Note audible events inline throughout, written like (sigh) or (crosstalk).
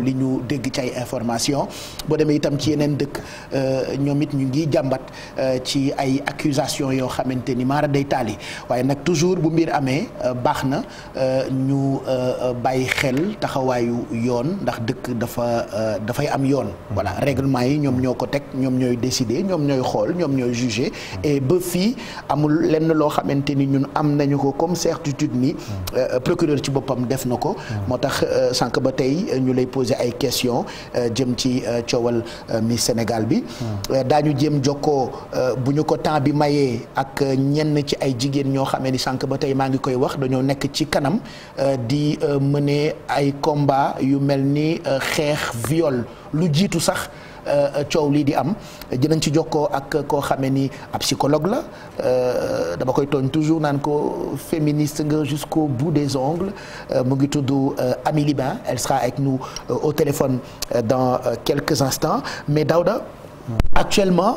li ñu dégg ci ay information boo demee itam ci yeneen dëkk euh, ñoom it ñu ngi jàmbat euh, ci ay accusation yoo xamante ni maara day taali waaye nag toujours bu mbir amee euh, baax na ñu bàyyi xel taxawaayu yoon ndax dëkk dafa dafay am yoon voilà règlement yi ñoom ñoo ko teg ñoom ñooy décider ñoom ñooy xool ñoom ñooy juger et ba fii amul lenn loo xamante ni ñun am nañu ko comme certitude ni mm. procureur ci boppam def na ko mm. moo tax sànq ba tey ñu lay poser ay question euh, jëm ci euh, coowal euh, Miss Sénégal bi. Hmm. daañu jéem jokkoo bu ñu ko temps bi mayee ak ñenn ci ay jigéen ñoo xamee ni sànq ba tey maa ngi koy wax dañoo nekk ci kanam di mëne ay combat yu mel ni xeex viol lu jiitu sax. Euh, euh, coow lii di am dinañ ci jokkoo ak koo xamee ni ab psychologue la euh, dama koy tooñ toujours naan ko féministe nga jusqu'au bout des ongles mu ngi tudd Ami Libin elle sera avec nous au téléphone dans quelques instants mais Daouda actuellement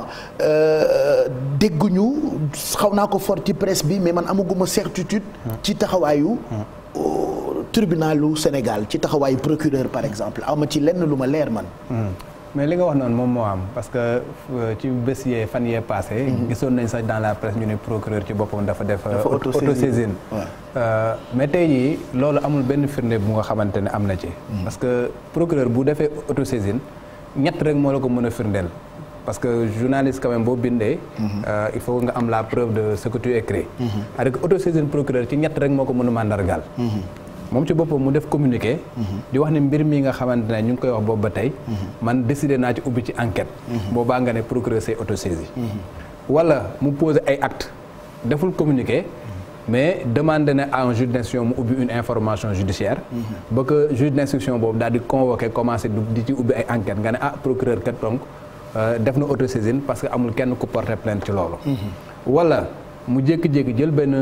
dégguñu xaw naa ko fort ci bi mais man amaguma certitude ci taxawaayu hmm. tribunalu Sénégal ci taxawaayu procureur par exemple awma ci lenn lu ma leer man hmm. mais li nga wax noonu moom moo am parce que euh, ci bés yee fan yee passé mhm. gisoon nañ sax dans la presse ñu ne procureur ci boppam dafa def euh, autosaisine euh, mais tey jii loolu amul benn firnde bu nga xamante ne am na ci mhm. parce que procureur bu defee auto autosaisine ñett rek moo la ko mën a firndeel parce que journaliste quand boo bindee mhm. il faut nga am la preuve de ce que tu écris avec autosaisine procureur ci ñett rek moo ko mën a mandargaal moom ci boppam mu def communiqué. di wax ne mbir mi nga xamante ne ñu ngi koy wax boobu ba tey. man décidé naa ci ubbi ci enquête. boobaa nga ne procureur c'est autosaisi. wala mu posé ay acte deful communiqué. mais demande na à un juge mu ubbi une information judiciaire ba que juge d'instruction boobu daal di convoqué commencé di ci ubbi ay enquête nga ne ah procureur kat donc euh, def na autosaisine parce que amul kenn ku porter plainte ci loolu mu jékki-jékki jël benn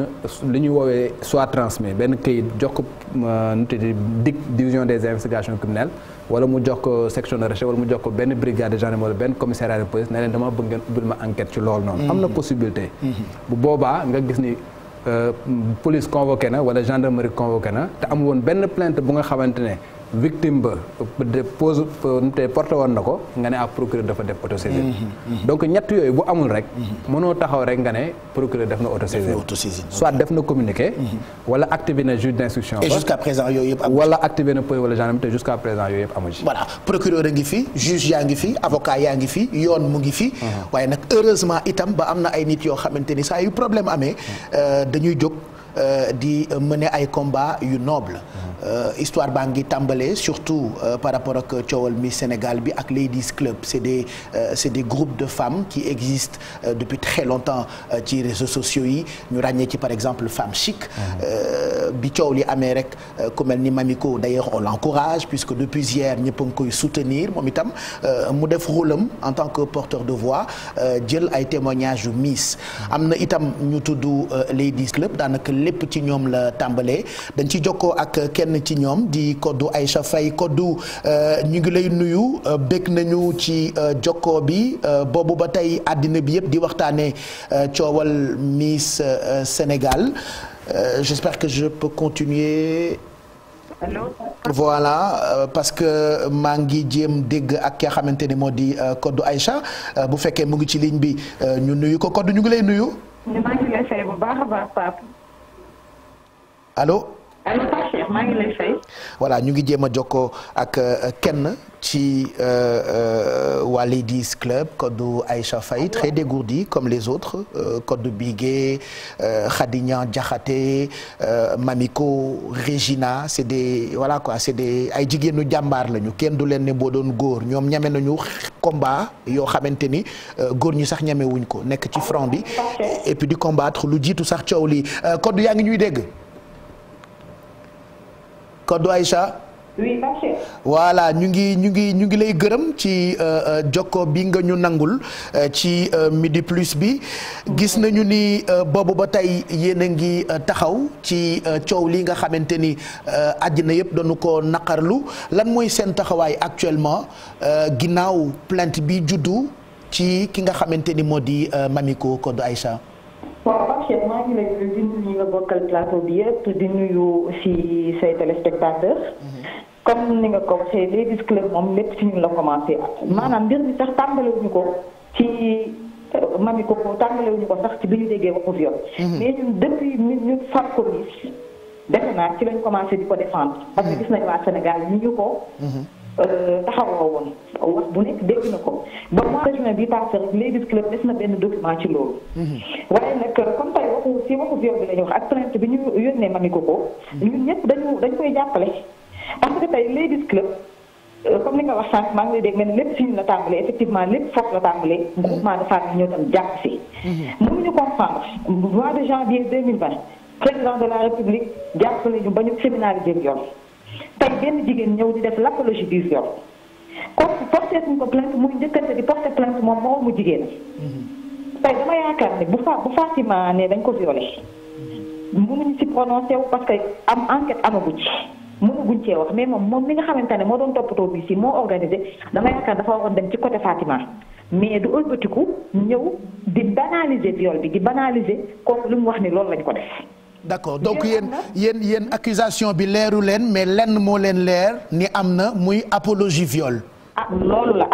li ñuy woowee soit transmis benn këyit jox ko di euh, tudd DIC division des investigations criminelles wala mu jox ko section de recherche wala mu jox ko benn brigade de gendarmerie benn commissariat de police ne leen dama bëgg ngeen ubbil ma enquête ci loolu noonu. am na mm-hmm. possibilité. Mm-hmm. bu boobaa nga gis ni. Euh, police convoqué na wala gendarmerie convoqué na te am woon benn plainte bu nga xamante ne. victime ba pose te woon na ko nga ne ah procureur dafa def autosaisine mhm, mhm, mhm. donc ñett yooyu bu amul rek mënoo taxaw rek nga ne procureur def na autosaisine soit def na communiqué wala activé na juge d'instruction et jusqu'à présent yooyu yëpp wala activé na police wala gendarme présent yooyu yëpp amu ci voilà procureur a ngi fi juge yaa ngi fi avocat yaa ngi fi yoon mu ngi fi waaye nag heureusement itam ba am na ay nit yoo xamante ni saa yu problème amee euh, dañuy jóg Euh, di mener ay combat yu noble euh, histoire baa ngi tàmbalee surtout euh, par rapport ak coowal mi Sénégal bi ak Ladies Club c'est des c'est des groupes de femmes qui existent depuis très longtemps ci réseaux sociaux yi ñu ràññee ci par exemple Femme Chic bi coow li amee rek ku mel ni Mamiko d'ailleurs on l'encourage puisque depuis hier ñëpp a ngi koy soutenir moom itam mu def rôlam en tant que porteur de voix jël ay témoignages yu Miss am na itam ñu tudd Ladies Club daanaka lépp ci ñoom la tàmbalee dañ ci jokkoo ak kenn ci ñoom di koddu Aïcha Faye koddu euh, ñu ngi lay nuyu euh, bég nañu ci euh, jokkoo bi boobu ba tey àddina bi yëpp di waxtaanee coowal Miss Sénégal j'espère que je peux continuer Allô? voilà parce que maa ngi jéem dégg ak ki nga xamante ni moo di Kodou Aïcha bu fekkee mu ngi ci ligne bi ñu nuyu ko Kodou ñu ngi lay nuyu. allo. voilà ñu ngi jéem a jokkoo ak euh, kenn ci euh, euh, waa Ladies Club koddu ay Faye très dégourdi comme les autres koddu Bigué Khadinian Diakhaté Mamiko Regina c'est des voilà quoi c'est des ay jigéenu jàmbaar lañu kenn du leen ne boo doon góor ñoom ñeme nañu combat yoo xamante ni góor ñi sax ñeme ko nekk ci front bi et puis di combattre lu jiitu sax coow lii koddu yaa ngi ñuy dégg. Koddu Aïcha oui voilà ñu ngi ñu ngi ñu ngi lay gërëm ci euh, euh, jokko bi nga ñu nangul euh, ci midi plus bi gis nañu ni boobu ba tey yéen a ngi taxaw ci coow li nga xamante ni àddina yëpp dañu ko naqarlu lan mooy seen taxawaay actuellement ginnaaw plante bi juddu ci ki nga xamante ni moo di Mamiko Codé Aïcha Cheikh maa ngi lay di nuyu ñi nga bokkal plateau bi yëpp di nuyu aussi say téléspectateurs. Mm-hmm. comme ni nga ko waxee Ladies Club moom lépp ci ñu la commencé maanaam mbir mi sax tàmbalewuñu ko ci euh, mami ko tàmbalewuñu ko sax ci bi ñu déggee waxu viol. Mm-hmm. mais ñun depuis ñu far ko nii defe naa ci lañ commencé di ko défendre. Mm-hmm. parce que gis nañu waa Sénégal ñu ñu ko. taxawoo woon wax bu nekk dégg na ko ba mois de juin bi passé rek Ladies Club na benn document ci loolu. Mhm. waaye nag comme tey la ñu wax ak plainte bi ñu yónnee mami ko ko. ñun ñëpp dañ koy jàppale. parce que tey Ladies Club euh, nga wax sànq maa ngi lay dégg lépp si ñu la tàmbalee lépp foofu la tàmbalee. Mhm. groupement de ñoo tam jàpp si. Mhm. mënuñu comprendre mois de janvier 2020 président de la république jàppale ñu ba ñu criminalisé viol. tey benn jigéen ñëw di def l'apologie du viol kooku porté suñ ko plainte muy njëkkante di porté plainte moom moo mu jigéen mhm. tey dama yaakaar ne bu fa bu Fatima ne dañ ko violé mu mhm. si prononcé wu parce que am enquête amaguñ ci guñ cee wax mais moom moom mi nga xamante ne moo doon toppatoo bi si moo organisé dama yaakaar dafa waroon dem ci côté Fatima mais du ëlbatiku ñëw di banaliser viol bi di banaliser comme lu mu wax ni loolu lañ ko def d'accord donc yéen yéen yéen accusation bi leeru leen mais lenn moo leen leer ni am na muy apologie viole ah loolu la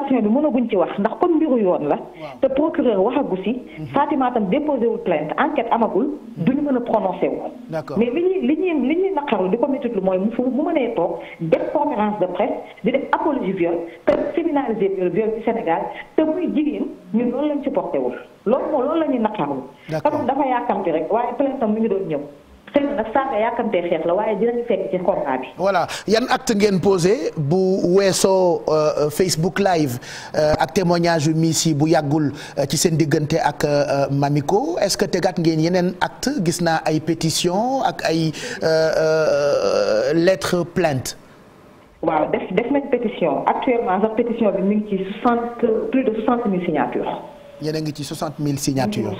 accusation bi mënaguñ ci wax ndax comme mbiru yoon la te procureur waxagu si mhm. Fatima tam déposé wul plainte enquête amagul mhm. duñu mën a prononcé wu mais li ñuy li ñuy li ñuy naqarlu di ko métitlu mooy mu fu mu mënee toog def conférence de presse di def apologie viol te criminalisé viol viol ci Sénégal te muy jigéen ñun loolu lañ ci loolu moo loolu la ñuy naqarlu parce que dafa yaakamti rek waaye plainte am mi ngi doon ñëw xëy na nag saaga yàkkamtee xeex la waaye dinañu fekk ci combat bi. voilà yan acte ngeen posé bu weesoo euh, Facebook live euh, ak témoignage yu miis bu yàggul euh, ci seen diggante ak Mamiko est-ce que tegaat ngeen yeneen acte gis naa ay pétition ak ay lettre plainte. waaw def def nañ pétition actuellement sax pétition bi mu ngi ci soixante mille signatures. yéen ngi ci soixante mille signatures.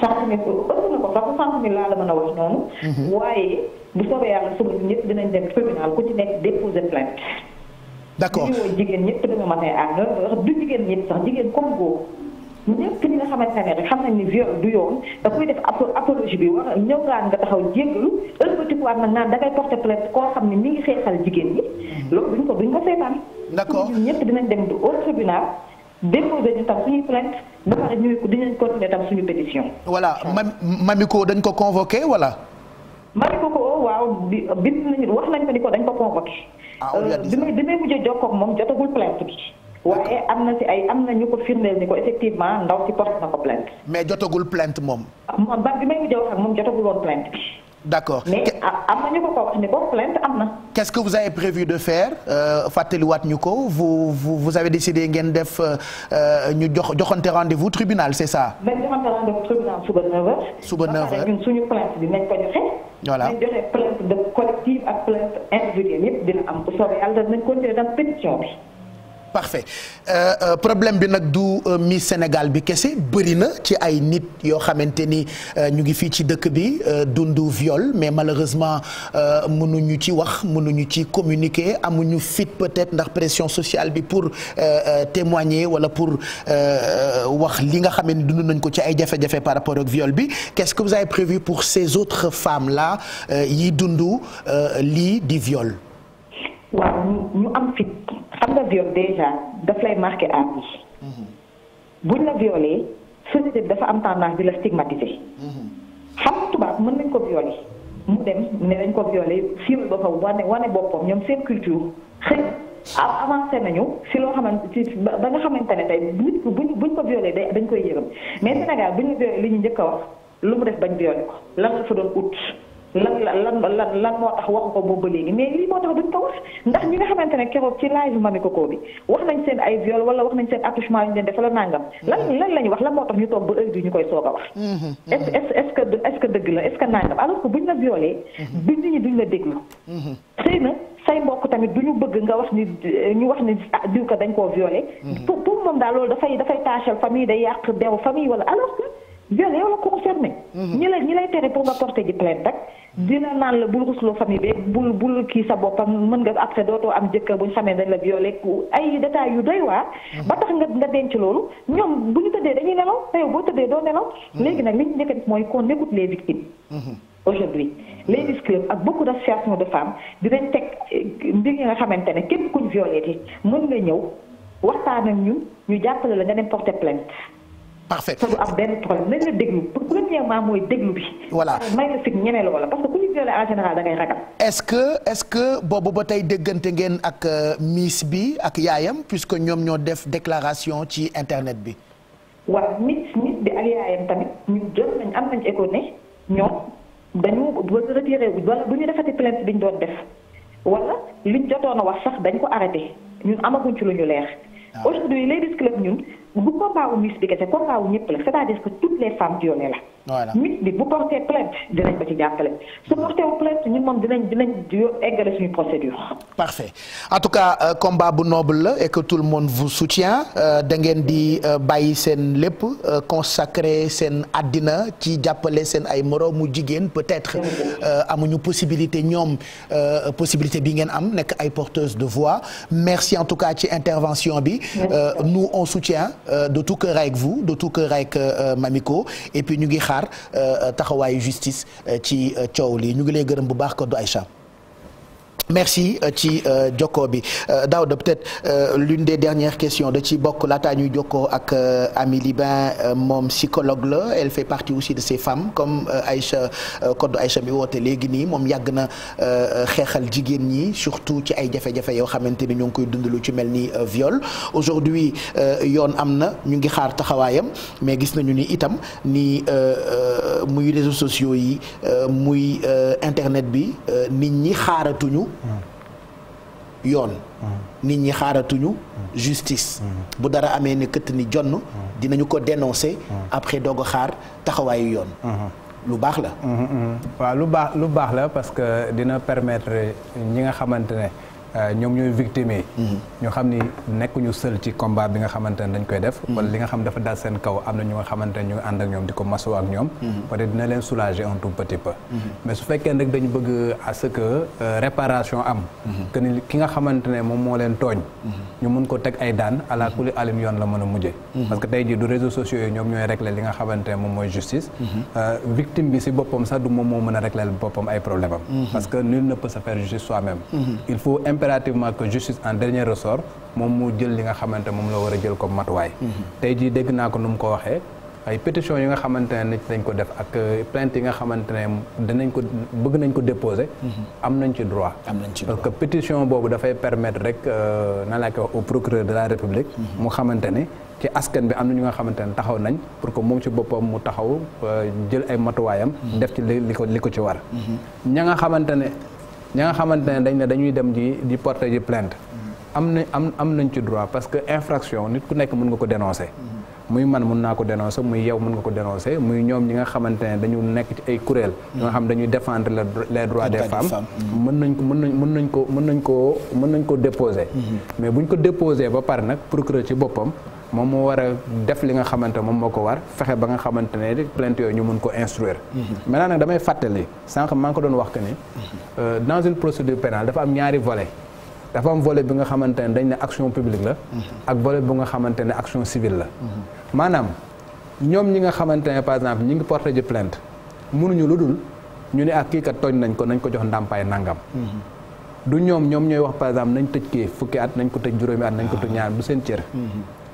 parce que sànq ni laa la mën a wax noonu. Mhm. waaye bu soobee yàlla suba ñëpp dinañ dem tribunal ku ci nekk déposer plainte. d'accord ñu jigéen ñëpp dama matin à du jigéen ñëpp sax jigéen comme góor. ñëpp ñi nga xamante ne rek xam nañ ni viol du yoon da koy def apologie bi war ñëw ngaan nga taxaw lu jéggalu ëlbatikuwaat na naan da ngay porter plainte koo xam ne mi ngi xeexal jigéen ñi. Mhm. loolu duñ ko duñ ko seetaan. d'accord ñëpp dinañ dem au tribunal. déposé ñu tam suñu plainte ba pare ñu dinañ continuer tam suñu pétition. voilà Mamiko dañ ko convoqué wala. Mamiko ko oh, waaw bi bind nañu wax nañ ko ni ko dañ ko convoqué. ah on euh, bi may bi may mujjee jokkoo ak moom jotagul plainte bi. waaye am na si ay am na ñu ko firndeel ni ko effectivement ndaw si porte na ko plainte. mais jotagul plainte moom. Ah, man bi may mujjee wax ak moom jotagul woon bi. d'accord mais ah, am qu'est-ce que vous avez prévu de faire euh, fàttaliwaat ñu ko vous vous avez décidé ngeen def euh, euh, ñu jox joxante rendez-vous tribunal c'est ça. nañ joxante rendez-vous tribunal suba 9h. suba 9h ñun suñu plainte bi nañ ko joxe. voilà nañ joxe plainte parfait euh, euh, problème bi nag du euh, Miss Sénégal bi kese bëri na ci ay nit yoo xamante ni euh, ñu ngi fii ci dëkk bi euh, dundu viol mais malheureusement euh, mënuñu ci wax mënuñu ci communiqué amuñu fit peut-être ndax pression sociale bi pour témoigner wala pour wax li nga xam ne dund nañ ko ci ay jafe-jafe par rapport ak viol bi qu'est-ce que vous avez prévu pour ces autres femmes la yi dund lii di viol waaw ñu am fit la viol déjà daf lay marqué à vie buñ la violé société bi dafa am tendance bi la stigmatiser xam nga tubaab mën nañ ko violé mu dem ne dañ koo violé siiwal ba fa wane wane boppam ñoom seen culture xëy avancé nañu si loo xamante ci ba nga xamante ne tey nit buñ buñ ko violé day dañ koy yërëm mais Sénégal buñ la violé li ñu njëkk a wax lu mu def bañ violé ko lan la fa doon ut lan lan lan lan moo tax waxu ko boobu ba léegi mais lii moo tax duñ ko wax ndax ñi nga xamante ne keroog ci live Mamy Coco bi wax nañ seen ay viol wala wax nañ seen accouchement yu ñu leen def la nangam lan lan la ñu wax lan moo tax ñu toog ba heure bi ñu koy soog a wax. Mm-hmm. est ce est ce que est ce que dëgg la est ce que nangam alors que buñ la violé. Mm-hmm. duñ nit ñi duñ la déglu. Mm-hmm. xëy na say mbokk tamit du ñu bëgg nga wax ni ñu wax ni ah diw ko dañ koo violé. pour pour moom daal loolu dafay dafay taachal famille day yàq dew famille wala alors que. viol yow la concerné. Mhm. ñi lay ñi lay tere pour nga porter ji plainte rek dina naan la bul rusloo famille bi bul bul kii sa boppam mën nga après too am jëkkër bu ñu xamee dañ la violé ay détails yu doy waa mhm. ba tax nga nga denc loolu ñoom bu ñu tëddee dañuy nelaw te yow boo tëddee doo nelaw. Mhm. léegi nag li ñu njëkk a def mooy qu'on écoute les victimes. aujourd'hui les ladies club ak beaucoup d'associations de dinañ teg eh, mbir yi nga xamante ne képp kuñ violé te mën nga ñëw waxtaan ak ñun ñu jàppale la nga dem porter plainte. parfait te du am benn problème nañ la déglu pour premièrement mooy déglu bi. voilà may na sig ñeme loola parce que ku ñu violé en général da ngay ragal. est ce que est ce que boobu ba tey déggante ngeen ak euh, miss bi ak yaayam puisque ñoom ñoo def déclaration ci internet bi. waaw miss miss bi ak yaayam tamit ñu jot nañ am nañ écho ne ñoom dañu ba retiré wala bu ñu defati plainte bi ñu doon def wala liñ jotoon a wax sax dañ ko arrêté ñun amaguñ ci lu ñu leer. Ah. aujourd'hui Ladies Club ñun. bu combat wu Miss c'est-à-dire que toutes les femmes violées la. Miss bi bu porté plainte dinañ ko ci jàppale. su porté wu plainte ñun moom dinañ dinañ eggale suñu procédure. parfait en tout cas euh, combat bu noble la et que tout le monde vous soutient euh, da ngeen di euh, bàyyi seen lépp consacrer seen addina ci jàppale seen ay moroomu jigéen peut-être amuñu possibilité ñoom possibilité bi ngeen am nekk ay porteuses de voix merci en tout cas ci intervention bi. Euh, de tout cœur avec vous de tout cœur avec euh, euh, Mamiko et puis ñu ngi xaar taxawaayu justice ci coow lii ñu ngi lay gërëm bu baax ko du Aïcha merci euh, ci euh, jokkoo bi euh, Daouda peut-être l'une des dernières questions da ci bokk laataa ñuy jokkoo ak Amy Libin moom psychologue la elle fait partie aussi de ces femmes comme Aïcha code Aïcha bi woote léegi nii moom yàgg na xeexal jigéen ñi surtout ci ay jafe-jafe yoo xamante ni ñoo ngi koy dund lu ci mel ni viol aujourd'hui yoon am na ñu ngi xaar taxawaayam mais gis nañu ni itam ni muy réseaux sociaux yi muy internet bi nit ñi xaaratuñu Mmh. yoon mmh. nit ñi xaaratuñu mmh. justice bu dara amee ne këtt ni jonn dinañu ko dénoncer après doog xaar taxawaayu yoon lu baax la waaw lu baax lu baax la parce que dina permettre ñi nga xamante ne euh, ñoom ñooy victime ñu xam ni nekkuñu sël ci combat bi nga xamante ne dañ koy def. Mm-hmm. wala li nga xam dafa dal seen kaw am na ñu nga xamante ñu ngi ñoom di ko masoo ak ñoom. Mm-hmm. peut-être dina leen soulager un tout petit peu. Mm-hmm. mais su fekkee nag dañu bëgg à ce que euh, réparation am. ki nga xamante moom moo leen tooñ. ñu mun ko teg ay daan ala kulli yoon la mën a mujjee. parce que tey jii du réseaux sociaux yi ñoom ñooy régler li nga xamante moom mooy justice. Euh, victime bi si boppam sax a Ziguinchor moom mu jël li nga xamante moom la a jël comme matuwaay. Mhm. tey jii dégg naa ko nu mu ko waxee ay pétition yi nga xamante ne nit nañ ko def ak euh, plainte yi nga xamante ne danañ ko bëgg nañ ko déposer. Mhm. am nañ ci droit. am nañ ci droit parce que pétition boobu dafay permettre rek euh, na laa koy wax au procureur de la république. Mhm. mu xamante ne ci askan bi am na ñu nga xamante taxaw nañ pour que moom ci boppam mu taxaw euh, jël ay matuwaayam. def ci li ko ci war. ña nga xamante ña nga xamante dañ ne dañuy dem ji di ji plainte. am na am am nañ ci droit parce que infraction nit ku nekk mën nga ko dénoncer. muy man mun naa ko dénoncer muy yow mën nga ko dénoncer muy ñoom ñi nga xamante ne dañu nekk ci ay kuréel. ñi nga xam dañuy défendre les droits des femmes. mën nañ ko mën nañ mën nañ ko mën nañ koo mën nañ ko déposer. Mm-hmm. mais buñ ko déposer ba pare nag procureur ci boppam. moom moo war a def li nga xamante moom moo ko war fexe ba nga xamante ne plainte yooyu ñu mun ko instruire. Mm-hmm. maintenant nag damay fàttali sànq maa ngi ko doon wax que ni. Mm-hmm. Euh, dans une procédure pénale dafa am ñaari volets. dafa am volet bi nga xamante ne dañ ne action publique la. Mhm. ak volet bu nga xamante ne action civile la. Mhm. maanaam ñoom ñi nga xamante ne par exemple ñi ngi porté ji plainte mënuñu lu dul ñu ne ak ah kii kat tooñ nañ ko nañ ko jox ndàmpaay nangam. Mhm. du ñoom ñoom ñooy wax par exemple nañ tëj kii fukki at nañ ko tëj juróomi at nañ ko tëj ah. ñaar du seen cër.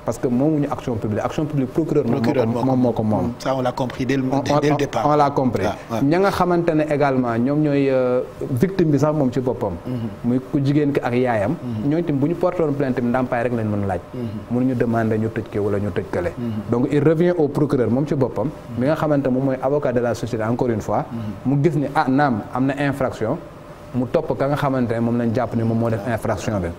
parce que moomuñu action publique action publique procureur moom moo ko moom ça on l'a compris dès le départ on l'a compris ah, ña nga xamante ne également ñoom ñooy euh, victime bi sax moom ci boppam mhm. muy ku jigéen ki ak yaayam mhm. ñooñu tam bu ñu portoon plainte bi ndàmpaay rek lañ mën laaj mhm. mënuñu demander ñu tëj ke wala ñu tëj kale donc il revient au procureur moom ci boppam mi nga xamante moom mooy avocat de la société encore une fois mu gis ni ah naam am na infraction mu topp ka nga xamante ne moom lañ jàpp ni moom moo def infraction bi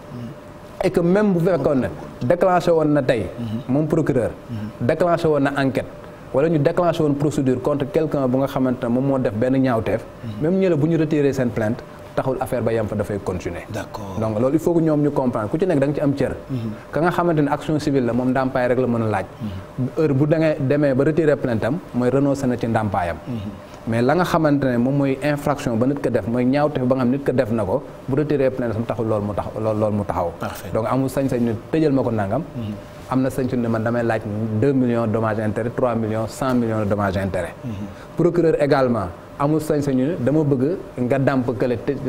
et que même bu fekkoon ne déclenché woon na tey mhm. moom procureur mhm. déclenché woon na enquête wala ñu déclenché woon procédure contre quelqu'un bu nga xamante ne moom moo def benn ñaawteef mhm. même ñu la bu ñu retiré seen plainte taxul affaire ba yem fa dafay continuer donc loolu il faut que ñoom ñu comprendre ku ci nekk da ci am cër mhm. ka nga xamante action civile la moom ndàmpaay rek la mën a laaj mhm. heure bu da demee ba retirer plainte am mooy renoncer na ci ndàmpaayam mhm. mais la nga xamante moom mooy infraction ba nit ko def mooy ñaawte ba nga xam nit ko def na ko bu retiré plainte sam taxul loolu mu tax loolu mu taxaw donc amul sañ-sañ ne tëjal ma ko nangam am na sañ-sañ amul sañ-sañu dama bëgg nga dàmp kële tëj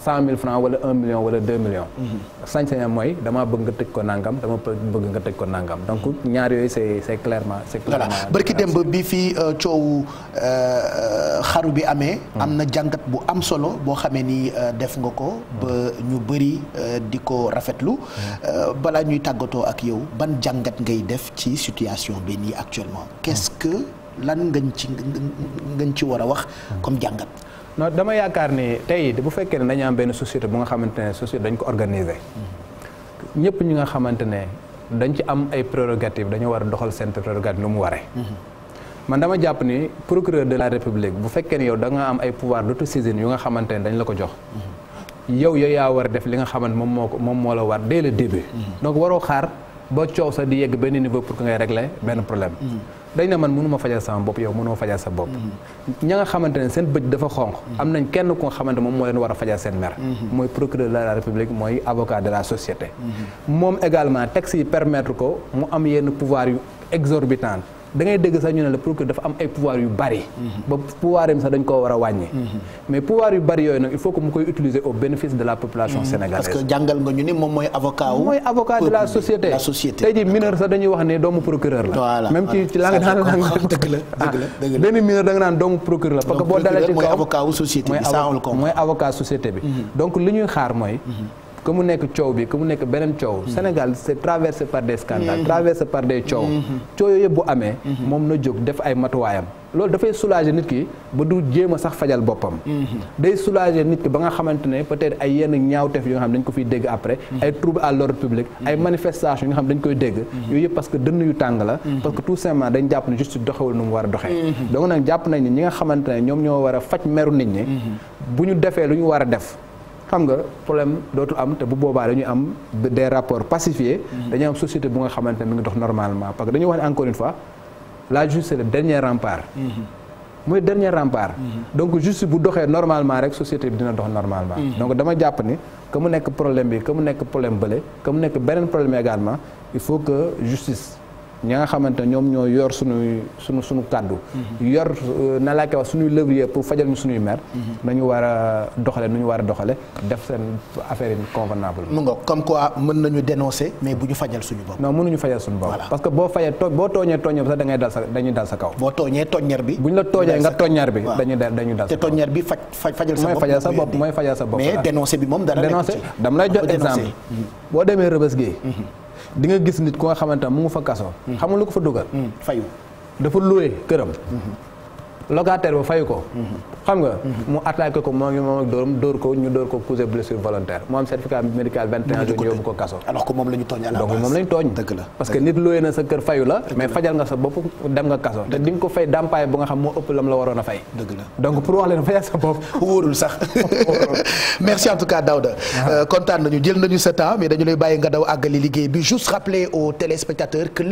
cent mille francs wala un million wala deux millions. Mhm. sañ mooy dama bëgg nga tëj ko nangam dama bëgg nga tëj ko nangam donc mhm. ñaar yooyu c'est c'est clairement c'est clairement. voilà barki dem ba bi fii euh, coowu euh, euh, xaru bi amee. Mhm. am na jàngat bu am solo boo xamee ni def nga ko. ba ñu bëri di ko rafetlu. balaa ñuy tàggatoo ak yow ban jàngat ngay def ci situation bi nii actuellement. qu'est-ce que lan ngañ ci ngañ ci war a wax comme jàngat non dama yaakaar ni tey bu fekkee ne dañu am benn société bu nga xamante ne société dañ ko organiser ñëpp ñi nga xamante ne dañ ci am ay prérogative dañu war a doxal seen prérogative lu mu waree man dama jàpp ni procureur de la république bu fekkee ne yow da nga am ay pouvoir d'autosaisine yu nga xamante ne dañ la ko jox yow yow yaa war a def li nga xamante moom moo ko moom moo la war dès le début mm-hmm. donc waroo xaar ba coow sax di yegg benn niveau pour que ngay régler benn problème mm-hmm. dañ ne man mënu fajal sama bopp yow mënoo fajal sa bopp mm-hmm. ña nga xamante ne seen bëj dafa xonq am nañ kenn ku nga xamante moom moo leen war a fajal seen mer mm-hmm. mooy procureur de la république mooy avocat de la société mm-hmm. moom également texte yi permettre ko mu am yenn pouvoir yu exorbitant dangay ngay dégg sax ñu ne la procureur dafa am ay pouvoir yu bari. Mhm. ba pouvoir a wàññi. Mhm. mais pouvoir yu bari yooyu nag il faut que mu koy utiliser au bénéfice de la population mhm. sénégalaise. parce que jàngal nga ñu ni moom mooy avocat la société la société. tey jii mineur sax dañuy wax ne doomu procureur la. voilà même ci ci la ah, nga (laughs) dëgg la (laughs) dëgg la ah, dëgg la benn mineur da la. donc li ñuy xaar mooy. que mu nekk coow bi que mu nekk beneen coow. Mm-hmm. Sénégal c'est traversé par des scandales. Mm-hmm. traversé par des coow. Mm-hmm. coow yooyu yëpp bu amee. moom na jóg def ay matuwaayam. loolu dafay soulager nit ki ba du jéem a sax fajal boppam. day soulager nit ki ba nga xamante ne peut-être ay yenn ñaawteef yoo nga xam dañ ko fiy dégg après. ay trouble à ay manifestations yoo nga xam dañ koy dégg. yooyu yëpp parce que dënn yu tàng la. parce que tout simplement dañ jàpp ne juste doxewul nu mu war a doxee. donc nag jàpp nañ ne ñi nga xamante ne ñoom ñoo war a faj meru nit ñi. bu ñu defee lu ñu war a def. xam nga problème dootu am te bu boobaa dañuy am des rapports pacifiés. Mm-hmm. dañuy am société bu nga xamante ne mi ngi dox normalement parce que dañuy wax ne encore une fois la justice c'est le dernier rempart. Mm-hmm. mooy dernier rempart. Mm-hmm. donc justice bu doxee normalement rek société bi dina dox normalement. donc dama jàpp ni que mu nekk problème bi que mu nekk problème bële que mu nekk beneen problème également il faut que justice. ñi nga xamante ne ñoom ñoo yor suñuy suñu suñu kàddu mhm. yor euh, na laa koy wax suñuy levier pour fajal ñu suñuy maire mhm. nañu war a doxale nu ñu war a doxale def seen affaire yi convenable mu nga comme quoi mën nañu dénoncer mais bu ñu fajal suñu bopp non mënuñu fajal suñu bopp parce que boo fajee tooñ boo tooñee tooñar bi sax da ngay dal sa dañuy dal sa kaw boo tooñee tooñar bi bu ñu la tooñee bi dañuy dañuy dal te tooñar bi faj fajal sa bopp mooy fajal sa bopp mooy fajal sa bopp mais dénoncer bi moom dara dénoncer dama lay jot exemple mhm. boo demee rëbës gi di nga gis nit ku nga xamante ne mu ngi fa kaso. Mm. xamul lu ko fa dugal. Mm. fay dafa loué këram. Mm-hmm. locataire ba fayu ko. xam nga. mu attaqué ko moo ngi moom ak dóoram dóor ko ñu dóor ko causé blessure volontaire mu am certificat médical 21 jours ñu yóbbu ko kaso. alors que moom la ñu tooñ ñu tooñ. dëgg la parce que nit looyee na sa kër fayu la. mais fajal nga sa bopp dem nga kaso. te di ko fay dàmpaay bu nga xam moo ëpp la waroon a fay. dëgg donc pour wax leen fayal sa bopp. (laughs) wóorul sax (laughs) merci en tout cas Daouda. Ah. Euh, kontaan nañu jël nañu sa temps mais dañu lay bàyyi nga daw àggali liggéey bi juste rappeler aux téléspectateurs que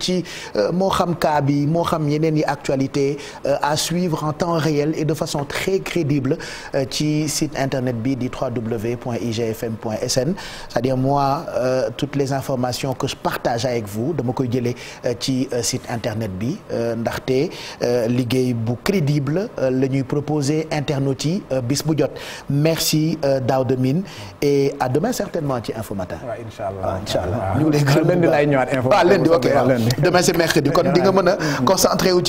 ci euh, moo xam cas bi moo xam yeneen yi actualité euh, à suivre en temps réel et de façon très crédible euh, ci site internet bi di www.igfm.sn c'est-à-dire moi euh, toutes les informations que je partage avec vous dama koy jëlee euh, ci site internet bi ndaxte liggéey bu crédible la ñuy proposer internautes bis bu jot merci Daouda Mine et à demain certainement ci Info Matin. waaw incha allah incha allah ñu ngi lay demain c'est mercredi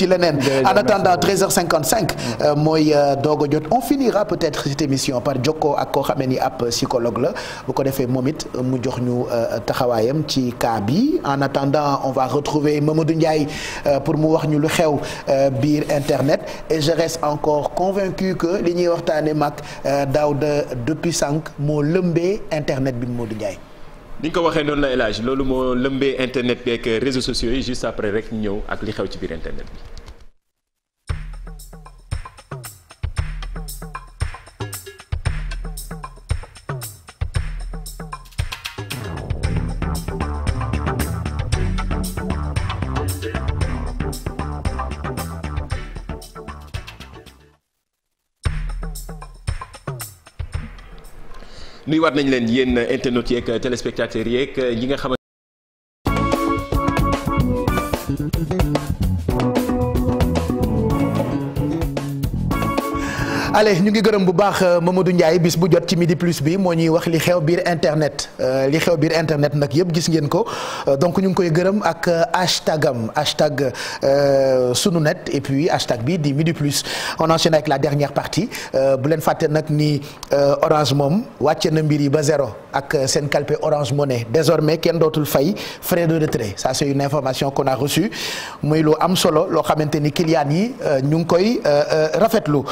(laughs) ci leneen en attendant. 13h55. Euh, mooy euh, doog a jot on finira peut-être cette émission par jokkoo ak koo xamee ni ab psychologue la bu ko defee moom it euh, mu jox ñu taxawaayam ci cas bi en attendant on va retrouver Mamadou Ndiaye pour mu wax ñu lu xew biir internet et je reste encore convaincu que li ñuy waxtaanee mag Daouda depuis sànq moo lëmbee internet bi mu Mamadou Ndiaye. ni nga ko waxee noonu la El loolu moo lëmbee internet bi ak réseaux sociaux yi juste après rek ñëw ak li xew ci biir internet nuyuwaat nañ leen yéen internautes yeeg téléspectateurs yeeg ñi nga xamante ale ñu ngi gërëm bu baax euh, Mamadou Ndiaye bis bu jot ci midi plus bi moo ñuy wax li xew biir internet euh, li xew biir internet nag yëpp gis ngeen ko euh, donc ñu ngi koy gërëm ak hashtagam hashtag sunu net et puis hashtag bi di midi plus on enchaîne avec la dernière partie bu leen fàtte nag ni orange moom wàcce na mbir yi ba zéro ak seen calpe orange monnaie désormais kenn dootul fay frais de retrait ça c'est une information qu'on a muy lu am solo loo xamante ni clients yi ñu ngi koy rafetlu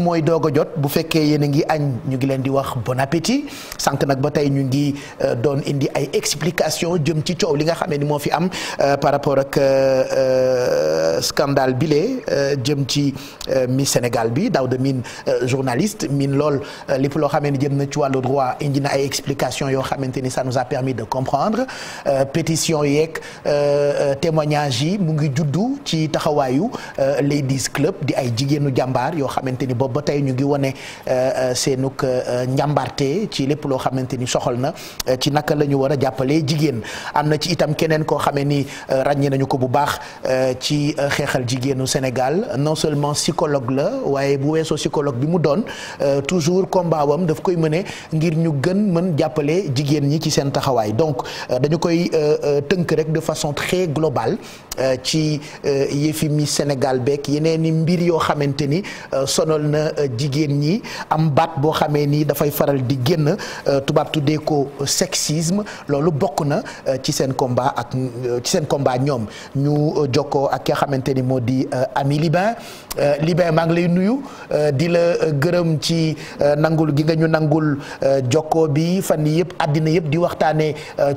mooy doog a jot bu fekkee yéen a ngi añ ñu ngi leen di wax bon appétit sànq nag ba tey ñu ngi euh, doon indi ay explication jëm ci coow li nga xamee ni moo fi am euh, par rapport ak euh, scandale bi lee jëm ci Miss Sénégal bi daaw de miin journaliste miin lool lépp loo xamee ni jëm na ci wàllu droit indi na ay explication yoo xamante ni ça nous a permis de comprendre pétition yeeg témoignage yi mu ngi juddu ci taxawaayu Ladies Club di ay jigéenu jàmbaar xamante ni boobu ba tey ñu ngi wone euh, euh, seenug euh, njàmbarte ci lépp loo xamante ni soxal na ci naka la ñu war a jàppalee jigéen am na ci itam keneen koo xamee ni ràññee nañu ko bu baax ci xeexal jigéenu Sénégal non seulement psychologue la waaye bu weesoo psychologue bi mu doon toujours combat wam daf koy mëne ngir ñu gën mën jàppale jigéen ñi ci seen taxawaay donc dañu koy tënk rek de façon très globale Euh, ci euh, yëfi mi Sénégal beeg yeneen i mbir yoo xamante ni euh, sonal na jigéen ñi am baat boo xamee nii dafay faral di génn tubaab tuddee ko sexisme loolu bokk na ci seen combat ak ci seen combat ñoom ñu jokkoo ak ki nga xamante ni moo di Ami Libin Libin maa ngi lay nuyu di la gërëm ci nangul gi nga ñu nangul jokkoo bi fan yii yëpp àddina yëpp di waxtaanee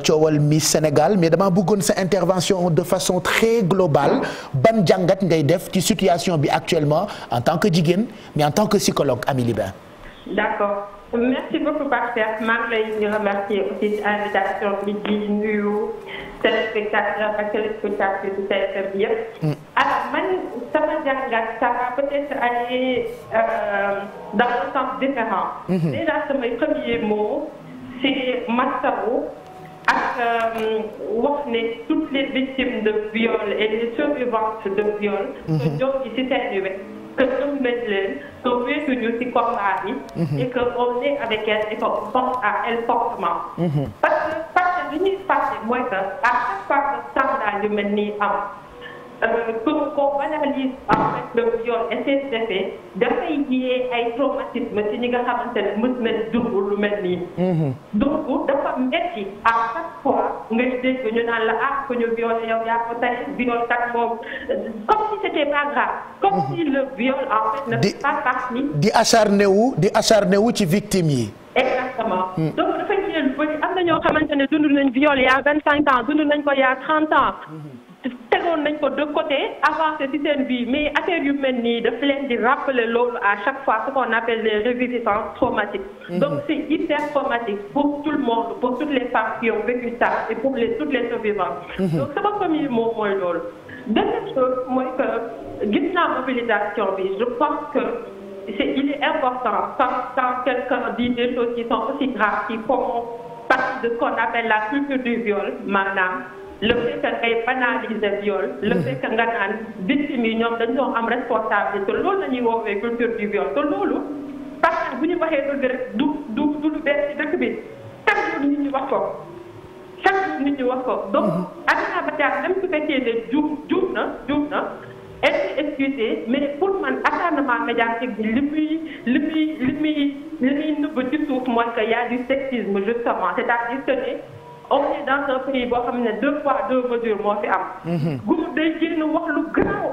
coowal mi Sénégal mais dama bëggoon sa intervention de façon très global ban jàngat ngay def ci situation bi actuellement en tant que jigéen mais en tant que psychologue Amélie Bain d'accord merci beaucoup Pape maa ngi lay remercier aussi ci invitation bi di nuyu téléspectateurs ak téléspectatrices du TFM bi yëpp. Mm. alors man sama jàngat ça va peut-être aller euh, dans un sens différent. Mm-hmm. déjà samay premier mot c'est masawu. ak euh, wax ne toutes les victimes de viol et les survivantes de viol. Mhm. que ñoo ngi ci seen wet que ñoom lañ leen que wéetuñu ci combat yi. Mhm. et que on est avec elle et qu'on pense à elle fortement. Mhm. parce que parce que li ñuy fàtte mooy que à chaque fois que scandale yu mel nii am. Euh, pour qu'on banalise en fait le viol et ses effets dafay jiyee ay traumatisme ci ñi nga xamante mës na dund lu mel nii. Mhm. donc dafa metti à chaque fois nga dégg ñu naan la ah ku ñu violé yow yaa ko tey viol kat moom comme si c'était pas grave. comme mhm. si le viol en fait ne fait pas di acharné wu di acharné ci victime yi. exactement. Hmm. donc dafay jiyee lu bëri am na ñoo xamante ne dund nañ viol il y a vingt cinq ans dund nañ ko il trente ans. Mhm. tegoon nañ ko de côté avancé ci seen vie mais affaire yu mel nii daf l di rappeler loolu à chaque fois ce qu'on appelle les réviviscences traumatiques mhm. donc c'est hyper traumatique pour tout le monde pour toutes les femmes qui ont vécu ça et pour les toutes les survivantes mhm. donc sama premier mot mooy loolu beneen chose euh, mooy que gis naa mobilisation bi je pense que c'est il est important quand quand quelqu'un dit des choses qui de ce qu'on appelle la le fait que ngay banaliser viol. le mm-hmm. fait que nga naan victimes yi ñoom dañoo am responsabilité loolu la ñuy woowee culture du viol te loolu parce que bu ñu waxee dëgg rek du du du lu bees ci dëkk bi chaque jour nit ñi wax ko chaque jour nit ñi wax ko. donc mm-hmm. Adama Badiane même su fekkee ne juum juum na juum na est excusé mais pour man acharnement médiatique bi li muy li muy li muy li muy nëbb ci suuf mooy que y a du sexisme justement c'est-à-dire que on est dans un pays boo xam ne deux poids deux mesures moo fi am. de mhm. day génn wax lu garaaw.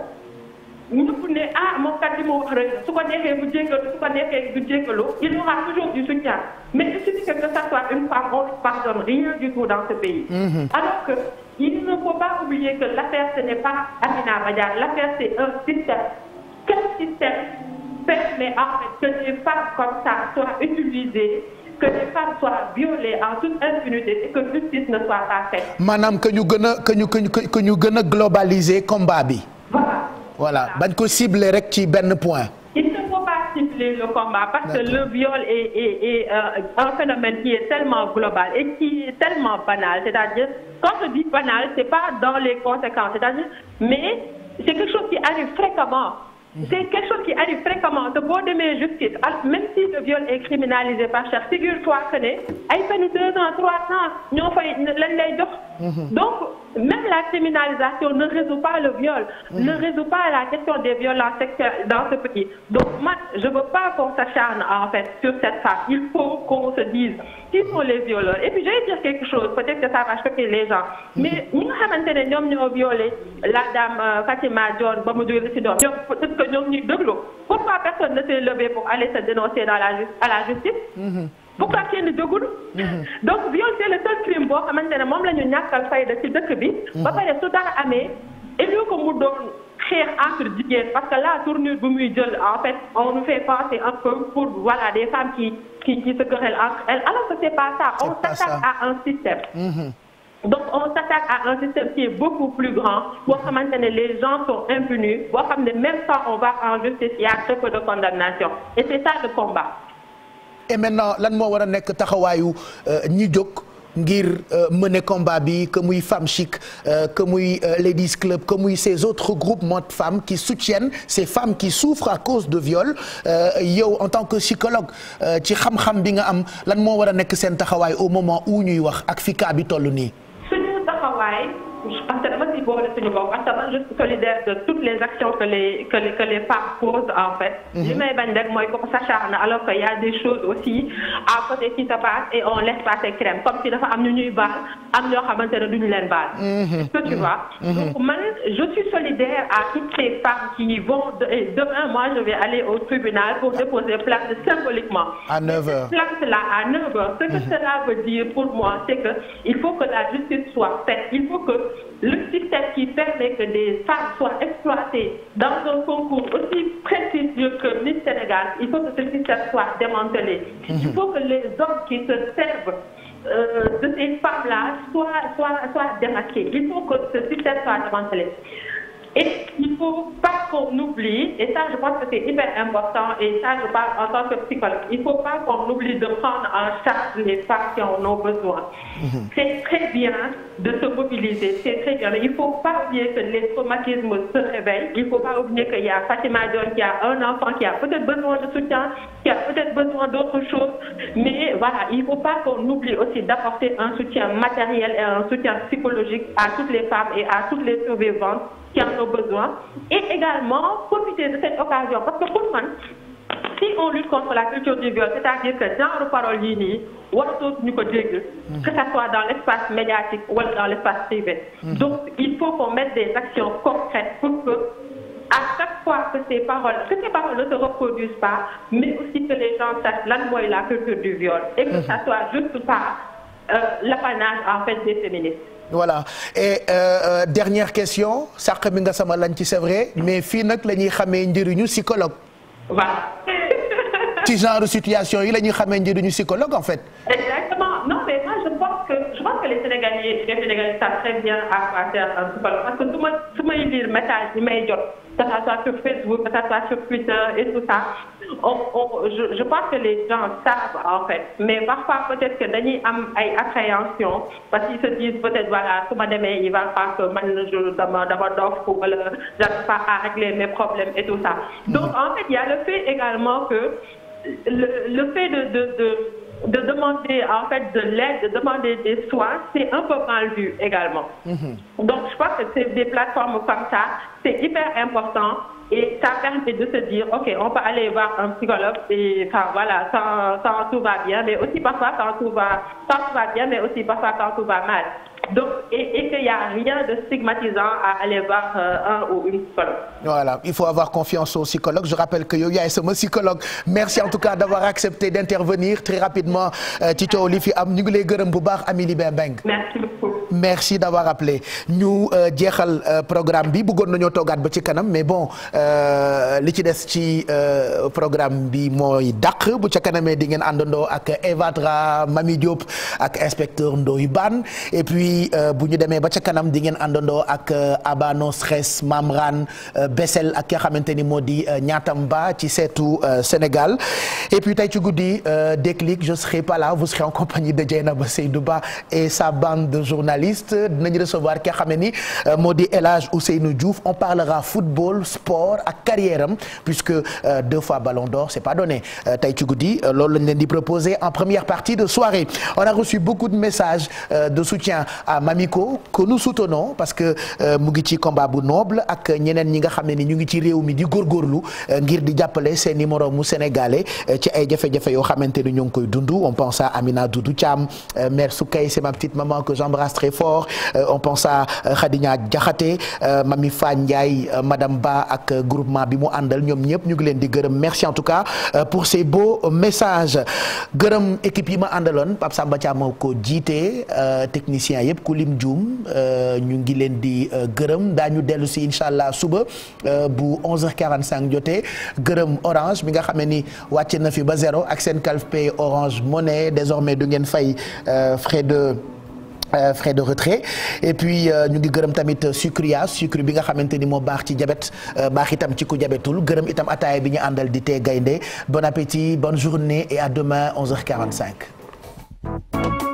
ñëpp ne ah moom kat li mu wax rek su ko neexee bu jéggalu su ko neexee bu jéggalu il aura toujours du soutien mais il suffit que ça soit une femme on ne pardonne rien du tout dans ce pays. Mhm. alors que il ne faut pas oublier que l'affaire ce n'est pas Amina Badiane l'affaire c'est un système quel système permet en fait que des femmes comme ça soient utilisées. que les femmes soient violées en toute impunité et que justice ne soit pas faite. maanaam que ñu gën a que ñu que ñu gën a globaliser combat bi. voilà voilà bañ ko cibler rek ci benn point. il ne faut pas cibler le combat parce que le viol est est est euh, un phénomène qui est tellement global et qui est tellement banal c'est-à-dire quand je banal c'est pas dans les conséquences c'est-à-dire mais c'est quelque chose qui arrive fréquemment. c'est quelque chose qui arrive fréquemment te boo demee justice même si le viol est criminalisé par chaque figure-toi que ne ay peine deux ans trois ans ñoo fay lañ lay jox mm-hmm. donc même la criminalisation ne résout pa le ne résout pas la question des violences sexuelles dans ce pays. Donc je ne veux pas qu'on en fait sur cette femme. Il faut qu'on se dise qui sont les violeurs. Et puis je vais dire quelque chose, peut-être que ça va choquer les gens. Mmh. Mais mhm. ñi nga xamante ne ñoom ñoo violé la dame euh, Fatima Dione ba mu jógee ci doom ñoom peut-être que ñoom ñuy déglu pourquoi personne ne s'est levé pour se dénoncer dans la à la justice mhm. pourquoi mm-hmm. kenn jógul. Mm-hmm. donc viol c'est le seul crime boo xamante ne moom la ñu ñàkkal fayda ci dëkk bi. ba mm-hmm. pare su dara amee énu ko mu doon xeex entre jigéen parce que la tournure bu muy jël en fait on nous fait passer un peu pour voilà des femmes qui qui qui se querellent entre elles alors que c'est pas ça. on s'attaque à un système. Mmh. donc on s'attaque à un système qui est beaucoup plus grand boo xamante ne les gens sont impunis boo xam ne même sans on va en a très et maintenant lan moo war a nekk taxawaayu euh, ñi jóg ngir euh, mener combat bi que muy Femme Chic euh, que muy Ladies Club que muy ces autres groupements de femmes qui soutiennent ces femmes qui souffrent à cause de viol yow en tant que psychologue ci xam-xam bi nga am lan moo war a nekk seen taxawaay au moment où ñuy wax ak fi bi toll nii. gën boole suñu bopp parce je suis solidaire de toutes les actions que les que posent en fait. Mhm. li may bañ rek mooy kooku s'acharne alors que y a des choses aussi à côté qui se passent et on laisse passer comme si dafa am ñu ñuy baal am ñoo xamante ne duñu mhm. mhm. je suis solidaire à toutes ces femmes qui vont demain je vais aller au tribunal pour déposer plainte symboliquement. à 9h ce que cela veut dire pour moi c'est que il faut que la justice soit faite il faut que le système système qui permet que des femmes soient exploitées dans un concours aussi prestigieux que Miss Sénégal, il faut que ce système soit démantelé. Mhm. Il faut que les hommes qui se servent euh, de ces femmes-là soient, soient, Il faut que ce système soit démantelé. e il ne faut pas qu'on oublie, et ça je pense que c'est hyper important, et ça je parle en tant il faut pas qu'on oublie de prendre en charge les femmes qui en ont besoin. Mhm. C'est très bien de se mobiliser, c'est très bien, il faut pas oublier que les se réveillent, il faut pas oublier qu'il y a Fatima John qui a un enfant qui a peut-être besoin de soutien, qui a peut-être besoin d'autre chose, mais voilà, il faut pas qu'on oublie aussi d'apporter un soutien matériel et un soutien psychologique à toutes les femmes et à toutes les survivantes qui en ont besoin, et également profiter de cette occasion. Parce que pour moi, si on lutte contre la culture du viol, c'est-à-dire que genre de parole yi nii waratoo ñu ko dégg. que ça soit dans l'espace médiatique wala dans l'espace privé. Mm-hmm. donc il faut qu'on mette des actions concrètes que à chaque fois que ces paroles que ces paroles ne se reproduisent pas mais aussi que les gens sachent lan mooy la culture du viol. et que mm-hmm. ça soit juste pas euh, l'apanage en fait des féministes. voilà et euh, euh question sàq mi nga sama lañ ci c'est vrai mais fii nag la ñuy xamee njëriñu psychologue. waaw. (laughs) ci genre situation yi la ñuy xamee njëriñu psychologue en fait. les Sénégalais les Sénégalais savent a bien à faire un euh, football parce que su ma su may lire message yi may jot Facebook que ça soit sur Twitter et tout ça je pense que les gens savent en fait mais parfois peut-être que dañuy am ay appréhension parce qu'ils se disent peut-être voilà su va falloir que man je dama dama dof wala j'arrive pas à régler mes problèmes et tout ça donc mmh. en fait a le fait également que le le fait de de de demander en fait de l'aide, de demander des soins, c'est un peu mal vu également. Mmh. je pense que c'est des plateformes comme ça, c'est hyper important et ça permet de se dire, OK, on peut aller voir un psychologue et enfin voilà, sans, sans tout va bien, mais aussi parfois quand tout va, quand tout va bien, mais aussi parfois quand tout va mal. Donc, et, et qu'il de stigmatisant à aller voir euh, un ou une psychologue. il faut avoir confiance aux psychologues. Je rappelle que yow yaay sama psychologue. Merci en tout cas d'avoir accepté d'intervenir très rapidement ci euh, coow li fi am ñu ngi lay gërëm bu baax Ami Libin Beng. Merci beaucoup. Merci d'avoir appelé. Ñu euh, jeexal programme bi bëggoon nañoo toogaat ba ci kanam mais bon li ci des ci programme bi mooy dàq bu ca kanamee di ngeen àndandoo ak Evatra Mami Diop ak inspecteur Ndoye Bane et bi euh, bu ñu demee ba ca kanam di ngeen àndandoo ak euh, Abba No Stress Mamran euh, Bessel ak ki nga xamante ni moo di ñaatam ba ci seetu Sénégal et puis tey ci guddi déclic je serai pas là vous serez en compagnie de Dieynaba Seydou Ba et sa bande de journalistes dinañu recevoir ki nga xam ne ni moo di El Hadj Ousseynou Diouf on parlera football sport ak carrière am puisque deux fois Ballon d'Or c'est pas donné tey ci guddi loolu lañ leen di proposer en première partie de soirée on a reçu beaucoup de messages de soutien à Mamiko ko nous soutenons parce que euh, mu ngi ci combat bu noble ak ñeneen ñi nga xam ne ni ñu ngi ci réew mi di góorgóorlu euh, ngir di jàppale seen i moroomu sénégalais euh, ci ay jafe-jafe yoo xamante ni ñu ngi koy dund on pense à Amina Doudou Thiam mère Soukay c'est ma petite maman que j'embrasse très fort on pense à Khadija Diakhaté Mami Fane Ndiaye madam Ba ak groupement bi mu àndal ñoom ñëpp ñu ngi leen di gërëm merci en tout cas pour ces boo message gërëm équipe yi ma àndaloon Pape Samba Thiam moo ko jiite technicien yi ñëpp ku lim juum euh, ñu ngi leen di euh, gërëm daañu dellu si incha allah suba euh, bu 11 h cinq jote gërëm orange bi nga xamee ni wàcc na fi ba zéro ak seen Calf Pay orange monnaie désormais du ngeen fay frais de. Euh, frais de retrait et puis ñu ngi gërëm tamit sucria sucre bi nga xamante ni moo baax ci jabet baax itam ci ku jabetul gërëm itam ataaya bi ñu àndal di tee gaynde bon appétit bonne journée et à demain 11h45